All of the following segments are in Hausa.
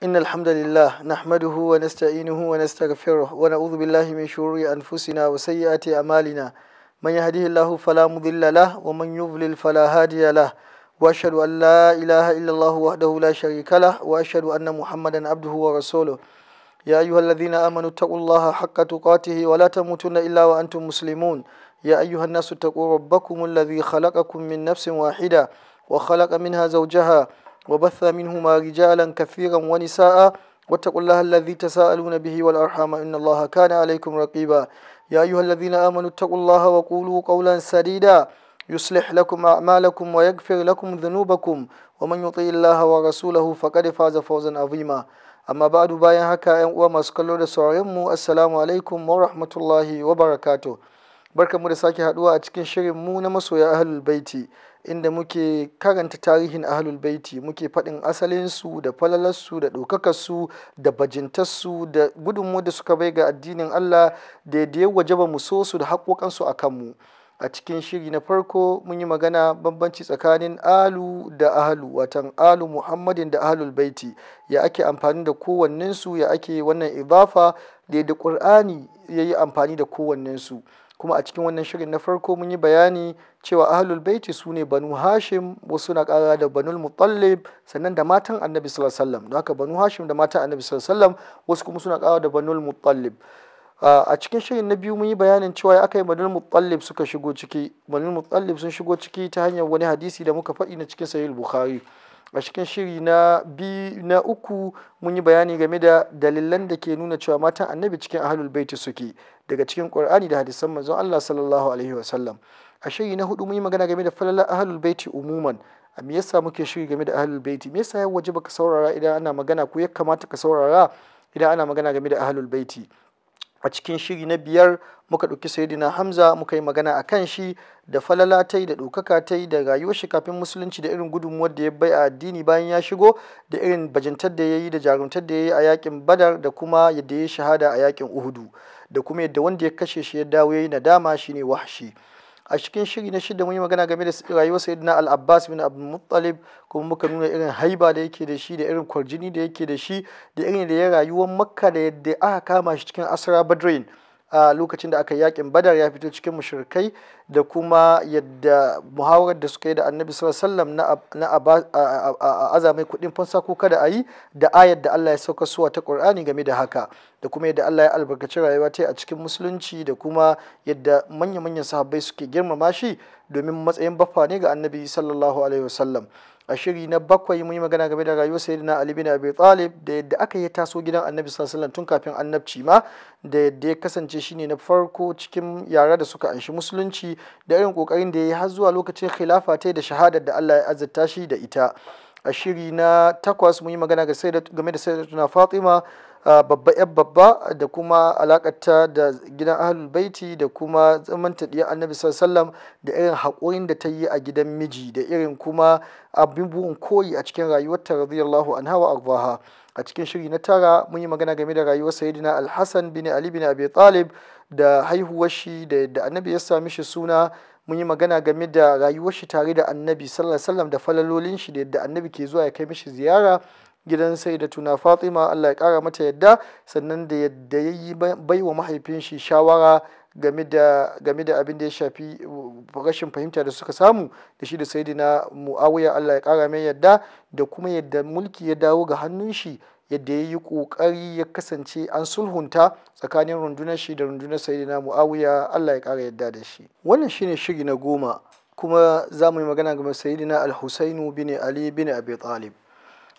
إن الحمد لله نحمده ونستعينه ونستغفره ونعوذ بالله من شرور أنفسنا وسيئات أعمالنا من يهده الله فلا مضل له ومن يضلل فلا هادي له وأشهد أن لا إله إلا الله وحده لا شريك له وأشهد أن محمدا عبده ورسوله يا أيها الذين آمنوا اتقوا الله حق تقاته ولا تموتن إلا وأنتم مسلمون يا أيها الناس اتقوا ربكم الذي خلقكم من نفس واحدة وخلق منها زوجها وبث منهما رجالا كثيرا ونساء واتقوا الله الذي تساءلون به والأرحام إن الله كان عليكم رقيبا يا أيها الذين آمنوا اتقوا الله وقولوا قولا سديدا يصلح لكم أعمالكم ويغفر لكم ذنوبكم ومن يطيع الله ورسوله فقد فاز فوزا عظيما أما بعد bayan haka yan uwa masu عليكم ورحمة الله mu assalamu alaikum wa rahmatullahi wa barakatuh ويا da sake inda muke karanta tarihin ahlul baiti muke faɗin asalinsu da falalarsu da ɗaukakarsu da bajintarsu da gudunmu da suka bai ga addinin Allah da da waje ba mu so su da haƙoƙansu a kanmu a cikin shiri na farko mun yi magana bambanci tsakanin alu da ahlu watan alu muhammadin da ahlul baiti ya ake amfani da kowannensu ya ake wannan idafa da da ƙur'ani ya yi amfani da kowannensu kuma a cikin wannan shirin na farko mun yi bayani cewa ahlul baiti su ne banu hashim wasu na kara da banul mutallib sannan da matan annabi sallallahu alaihi wasallam haka banu hashim da matan annabi sallallahu alaihi wasallam wasu kuma suna kara da banul mutallib a cikin shirin na biyu mun yi bayanin cewa aka yi banul mutallib suka shigo ciki banul mutallib sun shigo ciki ta hanyar wani hadisi da muka faɗi na cikin sahih bukhari a cikin shiri na biyu na uku mun yi bayani game da dalilan da ke nuna cewa matan annabi cikin ahlul baiti suke daga cikin qur'ani da hadisan manzon Allah sallallahu alaihi wasallam a shiri na hudu mun yi magana game da falalar ahlul baiti umuman a me yasa muke shiri game da ahlul baiti me yasa ya waje ka saurara idan ana magana ko ya kamata ka saurara idan ana magana game da ahlul baiti a cikin shiri na biyar muka ɗauki sayidina hamza muka yi magana a kan shi da falala ta da ɗaukaka ta da rayuwar shi kafin musulunci da irin gudunmuwar da ya bai a addini bayan ya shigo da irin bajintar da ya yi da jarumtar da ya yi a yakin badar da kuma yadda ya shahada a yakin uhudu da kuma yadda wanda ya kashe shi ya dawo ya yi nadama shine wahshi a cikin shiri na shida mun yi magana game da rayuwar sayyidina al-abbas bin abu muttalib kuma muka nuna irin haiba da yake da shi da irin kwarjini da yake da shi da irin da ya rayuwar makka da yadda aka kama shi cikin asra badrin a lokacin da aka yakin badar ya fito cikin mushrikai da kuma yadda muhawarar da suka yi da annabi sallallahu na azamai kudin fansa ko kada a yi da ayar da Allah ya sauka suwa ta Qur'ani game da haka da kuma yadda Allah ya albarkaci rayuwa ta a cikin musulunci da kuma yadda manya-manyan sahabbai suke girmama shi domin matsayin baffa ne ga annabi sallallahu alaihi wasallam a shiri na bakwai mun yi magana game da rayuwar sayyidina ali bin abi talib da yadda aka yi taso gidan annabi sallallahu alaihi tun kafin annabci ma da yadda ya kasance shine na farko cikin yara da suka anshi musulunci da irin kokarin da ya yi har zuwa lokacin khilafa ta da shahadar da Allah ya azurta shi da ita a shiri na takwas mun yi magana game da sayyidatuna fatima babba yan babba da kuma alakata da gidan ahlul baiti da kuma zamanta diyar annabi sallam da irin haƙurin da ta yi a gidan miji da irin kuma abin abubuwan koyi a cikin rayuwarta radiyallahu anha wa arbaha a cikin shiri na tara mun yi magana game da rayuwar sayidina alhassan bin ali bin abi talib da haihuwar shi da annabi ya sami shi suna mun yi magana game da rayuwar shi tare da annabi sallallahu alaihi wasallam da falalolin shi da yadda annabi ke zuwa ya kai mishi ziyara gidan sai da tuna fatima allah ya kara mata yadda sannan da yadda ya yi bai wa mahaifin shi shawara game da abin da ya shafi uh, rashin fahimta da suka samu da shi da saidina muawiya allah ya kara mai yadda da kuma yadda mulki ya dawo ga hannun shi yadda ya yi kokari ya kasance an sulhunta tsakanin rundunar shi da rundunar saidina muawiya allah ya kara yadda da shi wannan shine shiri na goma kuma za mu yi magana game saidina al-husainu bin ali bin abi talib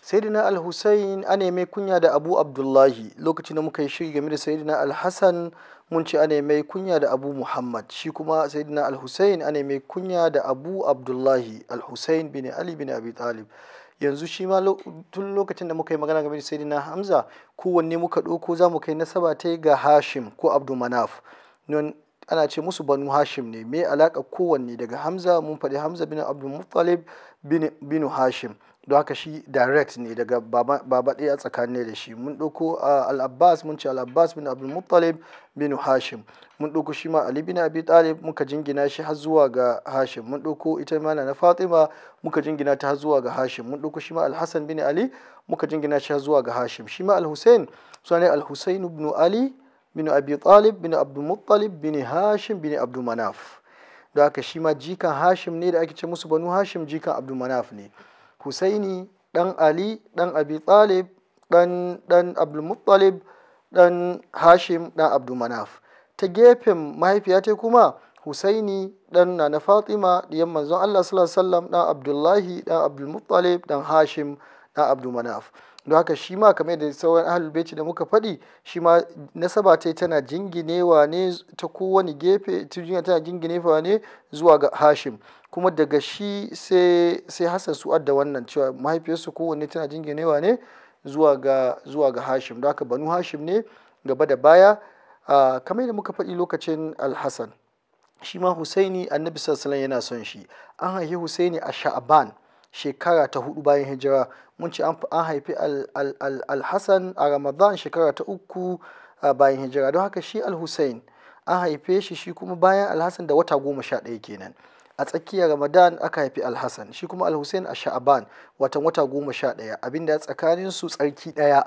sayyidina al-hussein a mai kunya da abu abdullahi lokacin da muka yi shiri game da sayyidina al-hassan mun ce a mai kunya da abu muhammad shi kuma sayyidina al-hussein a mai kunya da abu abdullahi al-hussein bin ali bin abi talib yanzu shi ma tun lokacin da muka yi magana game da sayyidina hamza kowanne muka ɗauko za mu kai nasaba ta ga hashim ko abdu manaf ana ce musu banu hashim ne me alaka kowanne daga hamza mun faɗi hamza bin abdul muttalib binu hashim don haka shi direct ne daga baba ɗaya tsakanin da shi mun ɗauko ah, al'abbas mun ce al'abbas bin abu muttalib bin hashim mun ɗauko shi ma ali bin abi talib muka jingina shi har zuwa ga hashim mun ɗauko ita mana na fatima muka jingina ta har zuwa ga hashim mun ɗauko shi ma al bin ali muka jingina shi har zuwa ga hashim shi ma al-husain ne al ibn ali bin abi talib bin abu muttalib bin hashim bin abu manaf da aka shi ma jikan hashim ne da ake ce musu banu hashim jikan abdulmanaf ne husaini dan ali dan abi talib dan dan abdulmuttalib dan hashim dan abdulmanaf ta gefen mahaifiya ta kuma husaini dan na fatima diyan manzon allah sallallahu alaihi dan abdullahi dan abdulmuttalib dan hashim na abdu manaf don haka shi ma kamar da sauran ahlul beci da muka faɗi shi ma nasaba ta tana jinginewa ne ta kowane gefe tana jinginewa ne zuwa ga hashim kuma daga shi sai hassan hasan su'ad da wannan cewa mahaifiyarsu kowanne tana jinginewa ne zuwa ga hashim don haka banu hashim ne gaba da baya kamar da muka faɗi lokacin alhassan shi ma husaini annabi sallallahu yana son shi an haifi husaini a sha'aban shekara ta hudu bayan hijira mun ce an haifi al a ramadan shekara ta uku bayan hijira don haka shi al an haife shi shi kuma bayan al-hassan da wata goma sha ɗaya kenan a tsakiyar ramadan aka haifi Alhassan shi kuma al a sha'aban watan wata goma sha ɗaya abinda tsakanin su tsarki ɗaya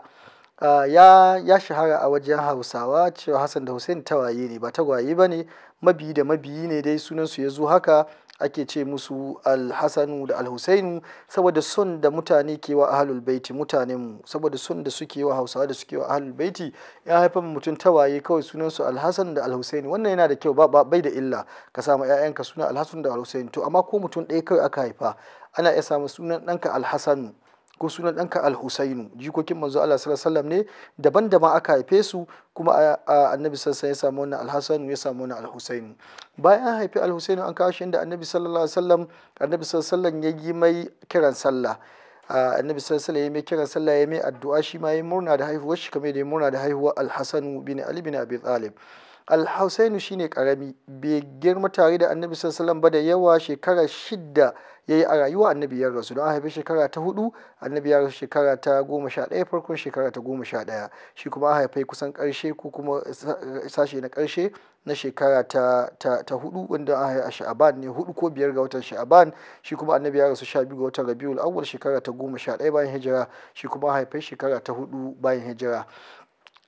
ya, shahara a wajen hausawa cewa hassan da hussein tawaye ne ba tagwaye ba ne mabiyi da mabiyi ne dai sunansu ya zo haka ake ce musu alhassanu da alhussainu saboda son da mutane ke wa ahalul baiti mutanen mu saboda son da suke wa hausawa da suke wa ahalul baiti ya haifar mutum tawaye kawai sunan su alhassan da alhussainu wannan yana da kyau ba bai da illa ka samu ƴaƴanka suna alhassan da alhussainu to amma ko mutum ɗaya kawai aka haifa ana iya samu sunan ɗanka alhassanu ko sunan ɗanka al-husainu jikokin manzo Allah sallallahu alaihi ne daban-daban aka haife su kuma annabi sallallahu ya samu wannan al ya samu wannan al-husainu bayan an haifi al-husainu an kawo shi inda annabi sallallahu alaihi wasallam annabi sallallahu alaihi wasallam ya yi mai kiran sallah annabi sallallahu alaihi mai kiran sallah ya mai addu'a shi ma ya murna da haihuwar shi kamar da ya murna da haihuwar al bin ali bin abi talib al-husainu shine karami bai girma tare da annabi sallallahu alaihi wasallam ba da yawa shekara shidda ya yi a rayuwa annabi ya rasu don a haifi shekara ta hudu annabi ya rasu shekara ta goma sha ɗaya farkon shekara ta goma sha ɗaya shi kuma a haifai kusan ƙarshe ko kuma sashe na karshe na shekara ta, hudu wanda a haifi a sha'aban ne hudu ko biyar ga watan sha'aban shi kuma annabi ya rasu sha biyu ga watan rabiul awwal shekara ta goma sha ɗaya bayan hijira shi kuma a haifai shekara ta hudu bayan hijira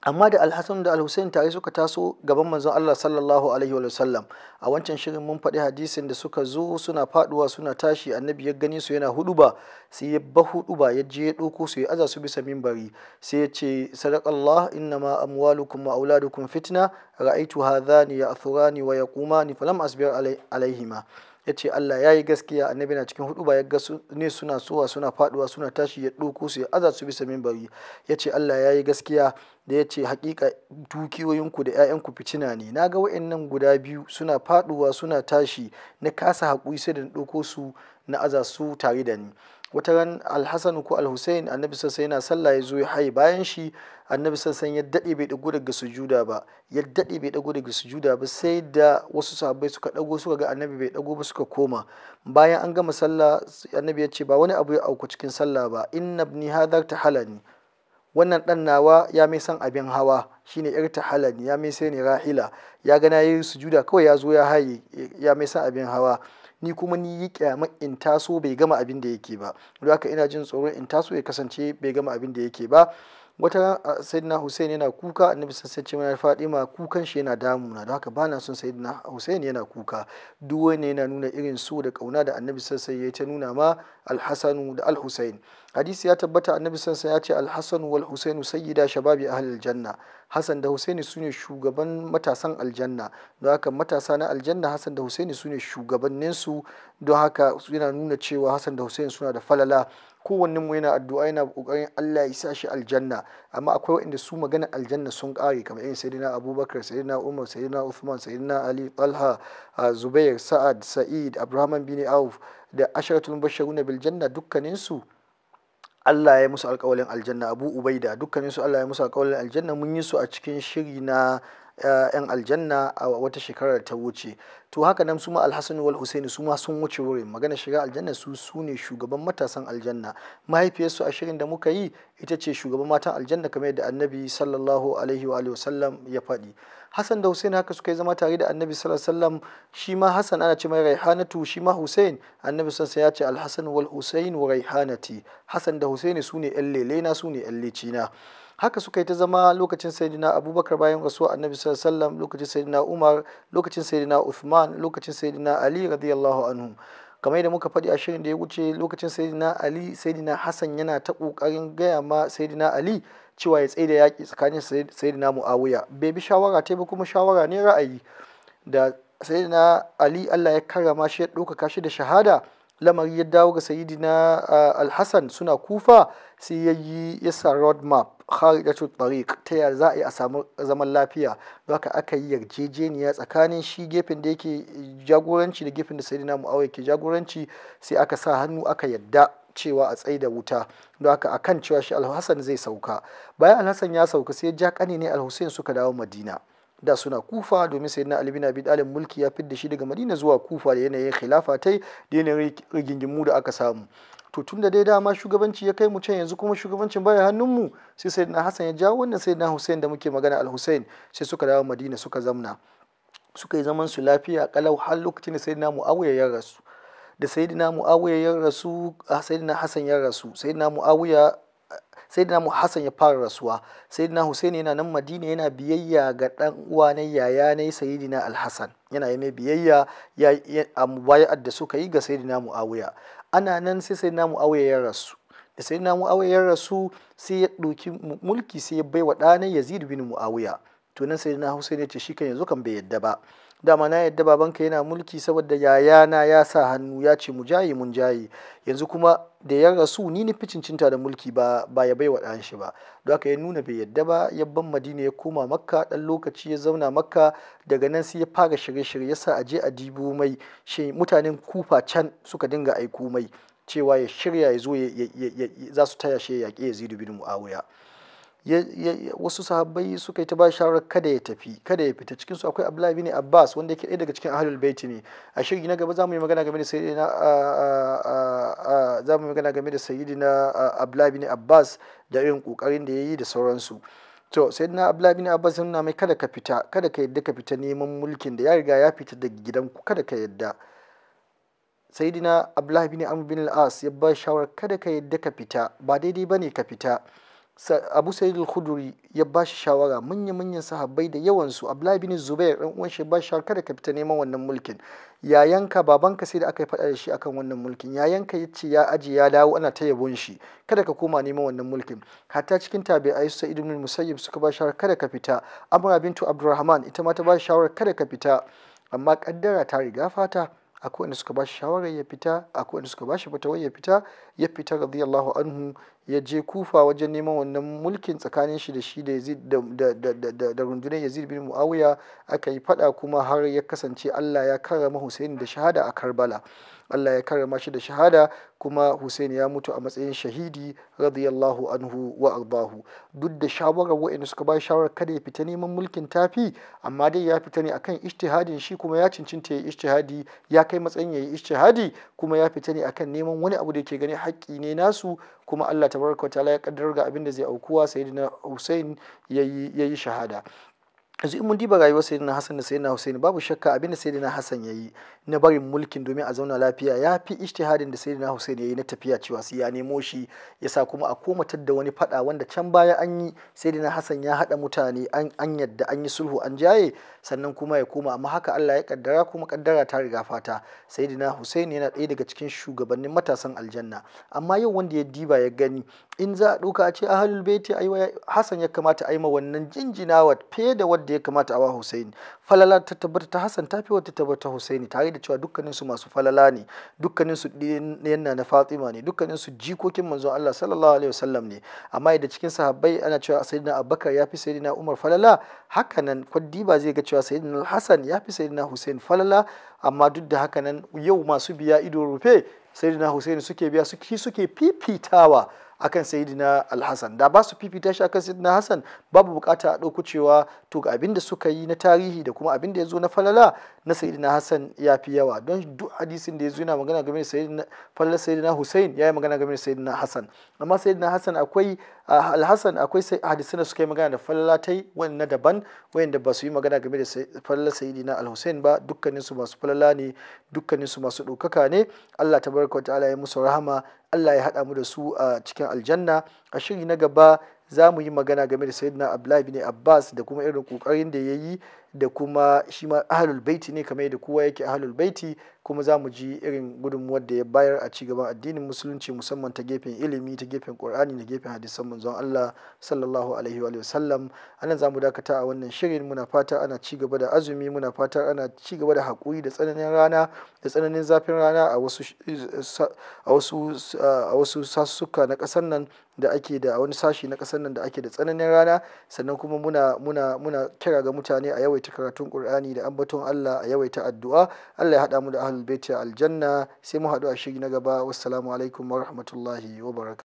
amma da alhassan da alhussein tare suka taso gaban manzon allah sallallahu alaihi wa sallam a wancan shirin mun faɗi hadisin da suka zo suna faduwa suna tashi annabi ya gani su yana huduba sai ya ba huduba ya je ya su ya aza su bisa mimbari sai ya ce sadaqallah ma amwalukum wa auladukum fitna ra'aitu hadhani ya'thurani wa yaqumani falam asbir alaihima ya ce Allah ya yi gaskiya annabi na cikin hudu ya ga ne suna sowa suna faduwa suna tashi ya ɗoku su ya aza su bisa mimbari ya ce Allah ya yi gaskiya da ya ce hakika dukiyoyinku da 'ya'yanku fitina ne na ga wa'annan guda biyu suna faduwa suna tashi na kasa haƙuri sai da na ɗauko su na aza su tare da ni wata ran alhassan ko alhussein annabi sassan yana sallah ya zo ya haye bayan shi annabi sassan ya daɗe bai ɗago daga sujuda ba ya daɗe bai ɗago daga sujuda ba sai da wasu sahabbai suka ɗago suka ga annabi bai ɗago ba suka koma bayan an gama sallah annabi ya ce ba wani abu ya auku cikin sallah ba inna ni hadar tahalani wannan ɗan nawa ya mai san abin hawa shine yar halani. ya mai sai ni rahila ya ga na yi sujuda kawai ya zo ya haye ya mai san abin hawa ni kuma ni yi kyama in taso bai gama abin da yake ba don haka ina jin tsoron in taso ya kasance bai gama abin da yake ba wata sayyidina Hussein yana kuka annabi sassan ce mana ma kukan shi yana damuna da haka bana son sayyidina Hussein yana kuka duk wani yana nuna irin so da kauna da annabi sassan ya ta nuna ma alhassanu da alhussein hadisi ya tabbata annabi sassan ya ce alhassanu wal husainu sayyida shababi ahlil janna Hassan da Husaini sune shugaban matasan aljanna don haka matasa na aljanna Hassan da Husaini sune shugabanninsu don haka yana nuna cewa Hassan da Husaini suna da falala kowannen mu yana addu'a yana kokarin Allah ya sa shi aljanna amma akwai wanda su magana aljanna sun kare kamar irin sayyidina Abubakar sayyidina Umar sayyidina Uthman sayyidina Ali Talha Zubair Sa'ad Sa'id Abraham bin Auf da asharatul mubashshiruna bil janna dukkaninsu Allah ya musu alƙawalin aljanna Abu Ubaida dukkaninsu Allah ya musu alƙawalin aljanna mun yi su a cikin shiri na Eh, 'yan aljanna a wata shekarar ta wuce to haka nan su ma alhassan wal husaini su sun wuce wurin magana shiga aljanna su su ne shugaban matasan aljanna mahaifiyarsu a shirin da muka yi ita ce shugaban matan aljanna kamar yadda annabi sallallahu alaihi wa sallam ya faɗi hassan da Hussein haka suka yi zama tare da annabi sallallahu alaihi wasallam shi ma hassan ana ce mai raihanatu shi ma husain annabi sallallahu ya ce alhassan wal husain wa raihanati hassan da husaini su ne yan lele lelena su ne yan licina haka suka yi ta zama lokacin sayidina abubakar bayan rasuwa annabi sallallahu lokacin sayidina umar lokacin sayidina uthman lokacin sayidina ali radiyallahu anhu kamar yadda muka faɗi a shirin da ya wuce lokacin sayidina ali sayidina hassan yana ta ƙoƙarin gaya ma sayidina ali cewa ya tsaida yaƙi tsakanin sayidina muawiya bai bi shawara ta ba kuma shawara ne ra'ayi da sayidina ali allah ya karrama shi ya ɗaukaka shi da shahada lamari ya dawo ga sayidina ah, alhassan suna kufa sai ya yi ya road map kharijatu tariq ta yaya za a a samu zaman lafiya haka aka yi yarjejeniya tsakanin shi gefen da yake jagoranci da gefen da sayyidina muawiya ke jagoranci sai aka sa hannu aka yadda cewa a tsaye da wuta don haka akan cewa shi alhassan zai sauka bayan alhassan ya sauka sai ja ne alhussein suka dawo madina da suna kufa domin sayyidina ali bin abi mulki ya fidda shi daga madina zuwa kufa da yanayin khilafa tai da yanayin rigingimu da aka samu to tun da dai dama shugabanci ya kai mu can yanzu kuma shugabancin baya hannunmu sai sayyidina hasan ya jawo wannan sayyidina hussein da muke magana al hussein sai suka dawo madina suka zamna suka yi zaman su lafiya kalau har lokacin da sayyidina muawiya ya rasu da sayyidina muawiya ya rasu ah, sayyidina hasan ya rasu sayyidina muawiya sayyidina mu Hassan ya fara rasuwa sayyidina Hussein yana nan Madina yana biyayya ga dan uwa na yaya ne sayyidina al yana yi mai biyayya a mubaya'ar da suka yi ga sayyidina Muawiya ana nan sai sayyidina Muawiya ya rasu da sayyidina Muawiya ya rasu sai ya ɗauki mulki sai ya bai wa ɗanai Yazid bin Muawiya to nan sayyidina Hussein ya ce shi kan yanzu kan bai yadda ba dama na yadda babanka yana mulki saboda yayana ya sa hannu ya ce mu jaye mun jaye yanzu kuma da ya rasu ni nufi cincinta da mulki ba ba ya bai wa ɗan shi ba don haka ya nuna bai yadda ba ya ban madina ya koma makka ɗan lokaci ya zauna makka daga nan sai ya fara shirye-shirye yasa a je a dibo mai shi mutanen kufa can suka dinga aiko mai cewa ya shirya ya zo za su taya shi ya yaƙi yazidu bin mu'awiya wasu sahabbai suka yi ta ba shawarar kada ya tafi kada ya fita cikin su akwai Abdullahi bin Abbas wanda yake ɗaya daga cikin ahlul baiti ne a shiri na gaba zamu yi magana game da sayyidina zamu yi magana game da sayyidina Abdullahi bin Abbas da irin kokarin da yayi da sauransu to sai na abdullahi bin abbas nuna mai kada ka fita kada ka yadda ka fita neman mulkin da ya riga ya fita daga gidanku kada ka yadda sayyidina abdullahi bin amr bin al-as ya ba shawarar kada ka yadda ka fita ba daidai bane ka fita abu sa'id al khudri ya bashi shawara manya manyan sahabbai da yawan su abdullahi bin zubair dan uwan shi ba shawara kada ka fita neman wannan mulkin yayanka babanka sai da aka yi faɗa da shi akan wannan mulkin yayanka ya ce ya aji ya dawo ana ta yabon shi kada ka koma neman wannan mulkin hatta cikin tabi'ai su sa'id ibn musayyib suka ba shawara kada ka fita amra bintu abdurrahman ita ma ta ba shawara kada ka fita amma kaddara ta riga fata akwai wanda suka ba shi ya fita akwai wanda suka ba shi fatawar ya fita ya fita radiyallahu anhu ya je kufa wajen neman wannan mulkin tsakanin shi da shi da da rundunar yazid bin muawiya aka yi fada kuma har ya kasance allah ya karrama husaini da shahada a karbala Allah ya karrama shi da shahada kuma Hussein ya mutu a matsayin shahidi radiyallahu anhu wa ardahu duk da shawarar wa'anda suka ba shawarar kada ya fita neman mulkin tafi amma dai ya fita ne akan ijtihadin shi kuma ya cincinta ya ijtihadi ya kai matsayin ya yi ijtihadi kuma ya fita ne akan neman wani abu da yake gani haƙƙi ne nasu kuma Allah tabaraka wa ta'ala ya kaddara ga abin da zai aukuwa sayyidina Hussein yayi yayi shahada yanzu in mun diba rayuwar na Hassan da na Hussein babu shakka abin da na Hassan yayi na barin mulkin domin a zauna lafiya ya fi ijtihadin da na Hussein yayi na tafiya cewa sai ya nemo shi ya sa kuma a komatar da wani fada wanda can baya an yi na Hassan ya hada mutane an yadda an yi sulhu an jaye sannan kuma ya koma amma haka Allah ya kaddara kuma kaddara ta riga fata na Hussein yana ɗaya daga cikin shugabannin matasan aljanna amma yau wanda ya diba ya gani in za a ɗauka a ce ahalul baiti Hassan ya kamata a yi ma wannan jinjinawa fe da wadda yadda ya kamata a wa Hussaini falala ta tabbata ta Hassan ta fi wata tabbata tare da cewa dukkanin su masu falala ne dukkanin su yanna na Fatima ne dukkanin su jikokin manzon Allah sallallahu alaihi wasallam ne amma da cikin sahabbai ana cewa sayyidina Abubakar ya fi sayyidina Umar falala hakanan kwaddi ba zai ga cewa sayyidina Hassan ya fi sayyidina Hussein falala amma duk da hakanan yau masu biya ido rufe sayyidina Hussein suke biya suke fifitawa akan sayidina alhassan da ba su fifita shi akan sayidina hassan babu bukata a ɗaukucewa cewa to ga abin da suka yi na tarihi da kuma abin da ya zo na falala na sayidina Hassan ya fi yawa don duk hadisin da ya zo yana magana game da sayidina fallar sayidina Hussein ya yi magana game da sayidina Hassan amma sayidina Hassan akwai ah, al akwai hadisan da suka yi magana da wani na daban wayanda ba su yi magana game da fallar sayidina al ba dukkanin su masu fallala ne dukkanin su masu ɗaukaka ne Allah ta baraka ta'ala ya musu rahama Allah ya haɗa mu da su a cikin aljanna a shiri na gaba za mu yi magana game da sayidina Abdullahi bin Abbas da kuma irin kokarin da ya yi da kuma shi ma ahalul baiti ne kamar yadda kowa yake ahalul baiti kuma za mu ji irin gudunmuwar da ya bayar a cigaban addinin musulunci musamman ta gefen ilimi ta gefen qur'ani da gefen hadisan manzon Allah sallallahu alaihi wa sallam anan za mu dakata a wannan shirin muna fata ana ci da azumi muna fata ana ci da haƙuri da tsananin rana da tsananin zafin rana a wasu a wasu a wasu sassuka na ƙasar nan da ake da wani sashi na ƙasar nan da ake da tsananin rana sannan kuma muna muna muna kira ga mutane a yau yawaita karatun Qur'ani da ambaton Allah a yawaita addu'a Allah ya haɗa mu da ahlul baiti aljanna sai mu haɗu a shiri na gaba wassalamu alaikum wa rahmatullahi wa